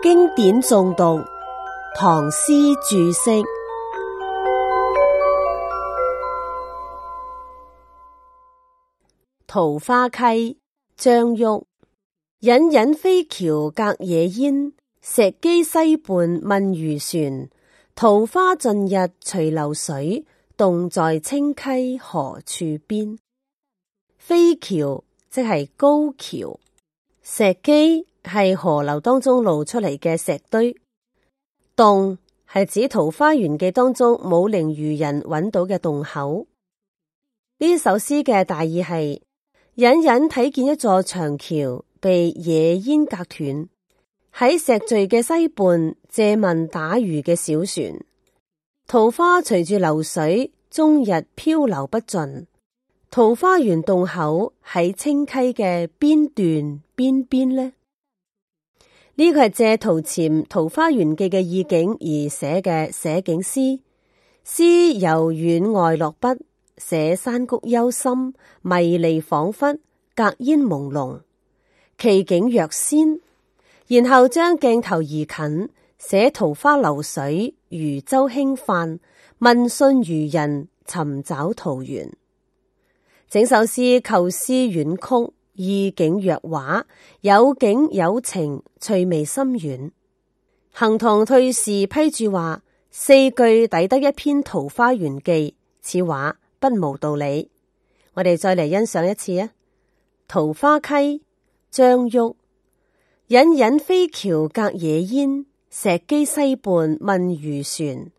經典誦讀，唐詩注釋《桃花溪》張旭。隱隱飛橋隔野煙，石磯西畔問漁船。桃花盡日隨流水，洞在清溪何處邊？飛橋即係高橋，石磯。係河流當中露出嚟嘅石堆，洞係指《桃花源記》當中武陵漁人揾到嘅洞口。呢首詩嘅大意係隱隱睇見一座長橋被野煙隔斷，喺石磯嘅西畔借問打魚嘅小船。桃花隨住流水，終日漂流不盡。桃花源洞口喺清溪嘅邊段邊邊呢？呢個係借陶潛《桃花源記》嘅意境而寫嘅寫景詩，詩由遠外落筆，寫山谷幽深、迷離恍惚、隔煙朦朧，奇景若仙；然後將鏡頭移近，寫桃花流水、漁舟輕泛、問訊漁人、尋找桃源。整首詩構思婉曲。意境若畫，有景有情，趣味深遠。行唐退士批注話：四句抵得一篇桃花源記，此話不無道理。我哋再嚟欣賞一次啊！桃花溪，張旭。隱隱飛橋隔野煙，石磯西畔問漁船。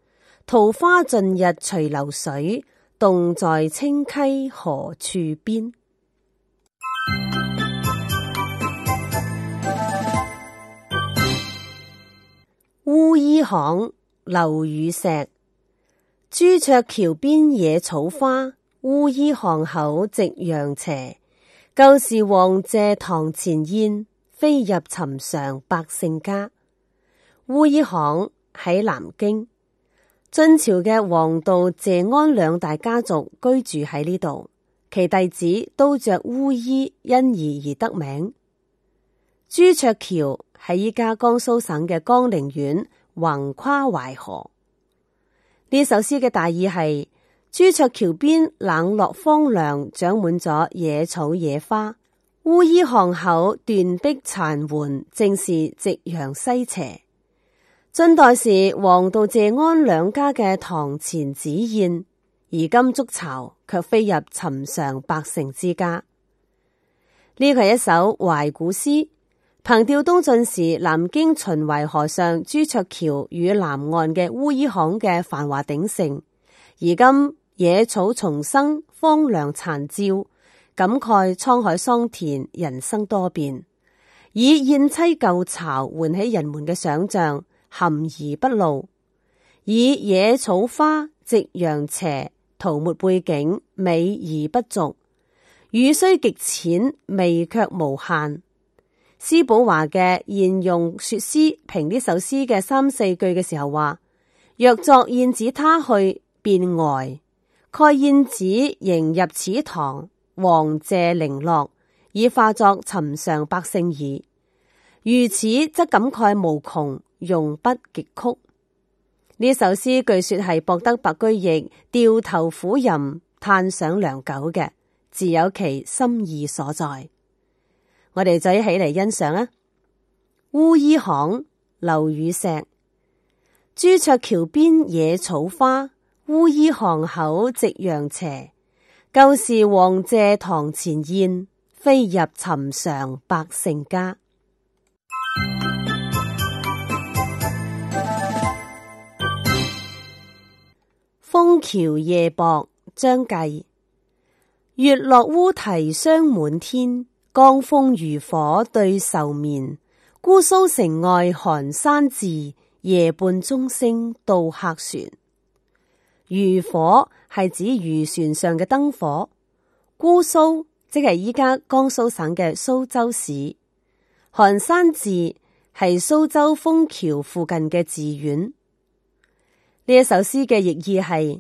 桃花盡日隨流水，洞在清溪何處邊？唐劉宇石，朱雀橋邊野草花，烏衣巷口夕陽斜。舊時王謝堂前燕，飛入尋常百姓家。烏衣巷喺南京晉朝嘅王道謝安兩大家族居住喺呢度，其弟子都着烏衣，因而而得名。朱雀橋喺依家江蘇省嘅江寧縣。橫跨淮河，呢首詩嘅大意係：朱雀橋邊冷落荒涼，長滿咗野草野花。烏衣巷口斷壁殘垣，正是夕陽西斜。晉代時王導謝安兩家嘅堂前紫燕，而今築巢卻飛入尋常百姓之家。呢個係一首懷古詩。憑弔東晉時南京秦淮河上朱雀橋與南岸嘅烏衣巷嘅繁華鼎盛，而今野草叢生，荒涼殘照，感慨滄海桑田，人生多變。以燕妻舊巢喚起人們嘅想象，含而不露；以野草花、夕陽斜塗抹背景，美而不俗。語雖極淺，味却無限。施寶華嘅現用說詩評呢首詩嘅三四句嘅時候話：若作燕子他去，便呆；蓋燕子仍入此堂，王謝零落，已化作尋常百姓耳。如此則感慨無窮，用不極曲。呢首詩據說係博得白居易掉頭苦吟、嘆賞良久嘅，自有其心意所在。我哋就一起嚟欣賞啦。烏衣巷，劉禹錫。朱雀橋邊野草花，烏衣巷口夕陽斜。舊時王謝堂前燕，飛入尋常百姓家。楓橋夜泊，張繼。月落烏啼霜滿天。江楓漁火對愁眠，姑蘇城外寒山寺，夜半鐘聲到客船。漁火係指漁船上嘅燈火，姑蘇即係依家江蘇省嘅蘇州市。寒山寺係蘇州楓橋附近嘅寺院。呢一首詩嘅譯意係：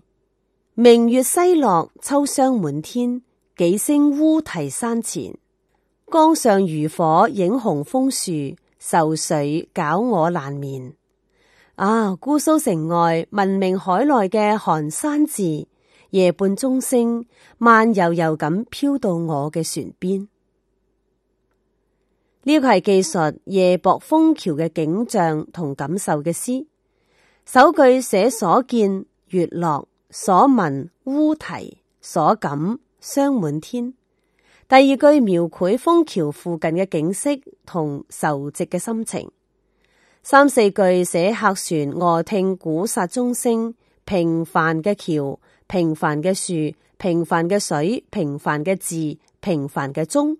明月西落，秋霜滿天，幾聲烏啼山前。江上漁火映紅楓樹，愁緒搞我難眠。啊，姑蘇城外聞名海內嘅寒山寺，夜半鐘聲慢悠悠咁飄到我嘅船邊。呢個係記述夜泊楓橋嘅景象同感受嘅詩。首句寫所見月落，所聞烏啼，所感霜滿天。第二句描繪楓橋附近嘅景色同愁寂嘅心情，三四句寫客船臥聽古剎鐘聲。平凡嘅橋、平凡嘅樹、平凡嘅水、平凡嘅字、平凡嘅鐘，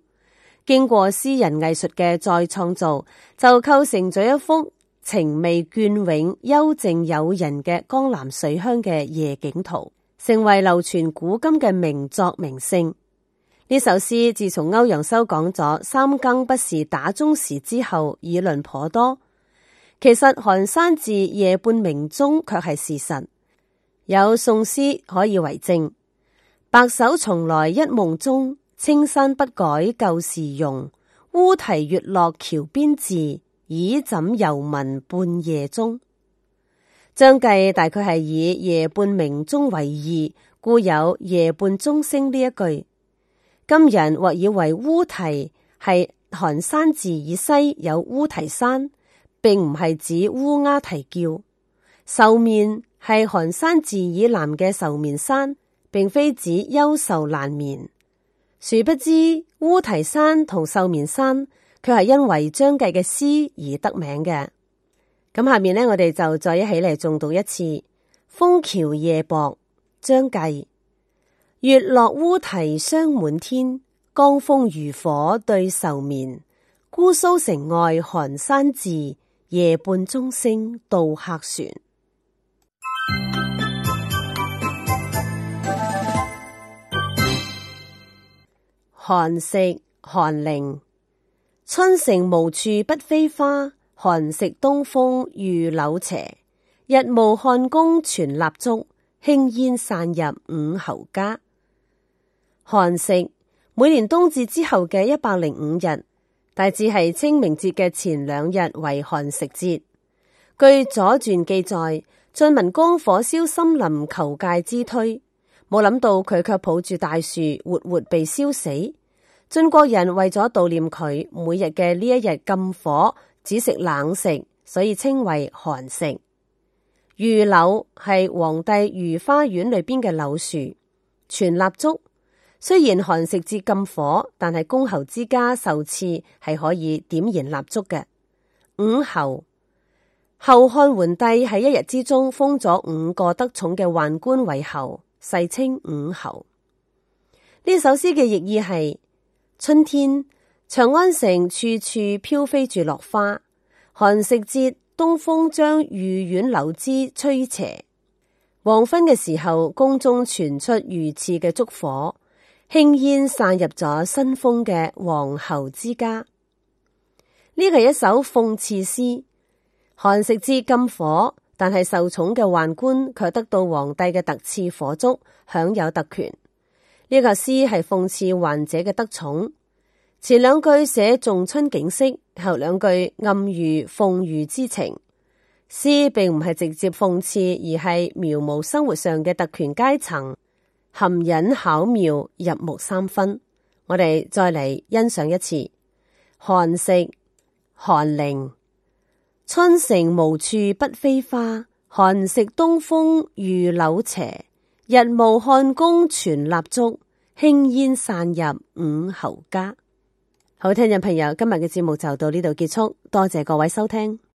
經過詩人藝術嘅再創造，就構成咗一幅情味雋永、幽靜誘人嘅江南水鄉嘅夜景圖，成爲流傳古今嘅名作名勝。呢首詩自從歐陽修講咗三更不是打鐘時之後，議論頗多。其實寒山寺夜半鳴鐘卻係事實，有宋詩可以為證。白首從來一夢中，青山不改舊時容。烏啼月落橋邊寺，倚枕猶聞半夜，夜半鐘。張繼大概係以夜半鳴鐘為意，故有夜半鐘聲呢一句。今人或以為烏啼係寒山寺以西有烏啼山，並唔係指烏鴉啼叫；愁眠係寒山寺以南嘅愁眠山，並非指憂愁難眠。殊不知烏啼山同愁眠山，佢係因為張繼嘅詩而得名嘅。咁下面呢，我哋就再一起嚟誦讀一次《楓橋夜泊》，張繼。月落烏啼霜滿天，江楓漁火對愁眠。姑蘇城外寒山寺，夜半鐘聲到客船。寒食，韓翃。春城無處不飛花，寒食東風御柳斜。日暮漢宮傳蠟燭，輕煙散入五侯家。寒食，每年冬至之後嘅一百零五日，大致係清明節嘅前兩日為寒食節。據左傳記載，晉文公火燒森林求介之推，冇諗到佢卻抱住大樹活活被燒死。晉國人為咗悼念佢，每日嘅呢一日禁火，只食冷食，所以稱為寒食。御柳係皇帝御花園裏邊嘅柳樹，全蠟燭。雖然寒食節禁火，但係公侯之家受賜係可以點燃蠟燭嘅五侯。後漢桓帝喺一日之中封咗五個得寵嘅宦官為侯，世稱五侯。呢首詩嘅意義係：春天長安城處處飄飛住落花，寒食節東風將御苑柳枝吹斜。黃昏嘅時候，宮中傳出御賜嘅燭火。輕煙散入咗新豐嘅皇后之家，呢個係一首諷刺詩。寒食之禁火，但係受寵嘅宦官卻得到皇帝嘅特賜火燭，享有特權。呢、這個詩係諷刺宦者嘅得寵。前兩句寫仲春景色，後兩句暗喻諷喻之情。詩並唔係直接諷刺，而係描摹生活上嘅特權階層。含忍巧妙，入木三分。我哋再嚟欣賞一次《寒食》韓翃。春城無處不飛花，寒食東風御柳斜。日暮漢宮傳蠟燭，輕煙散入五侯家。好聽嘅朋友，今日嘅節目就到呢度結束，多謝各位收聽。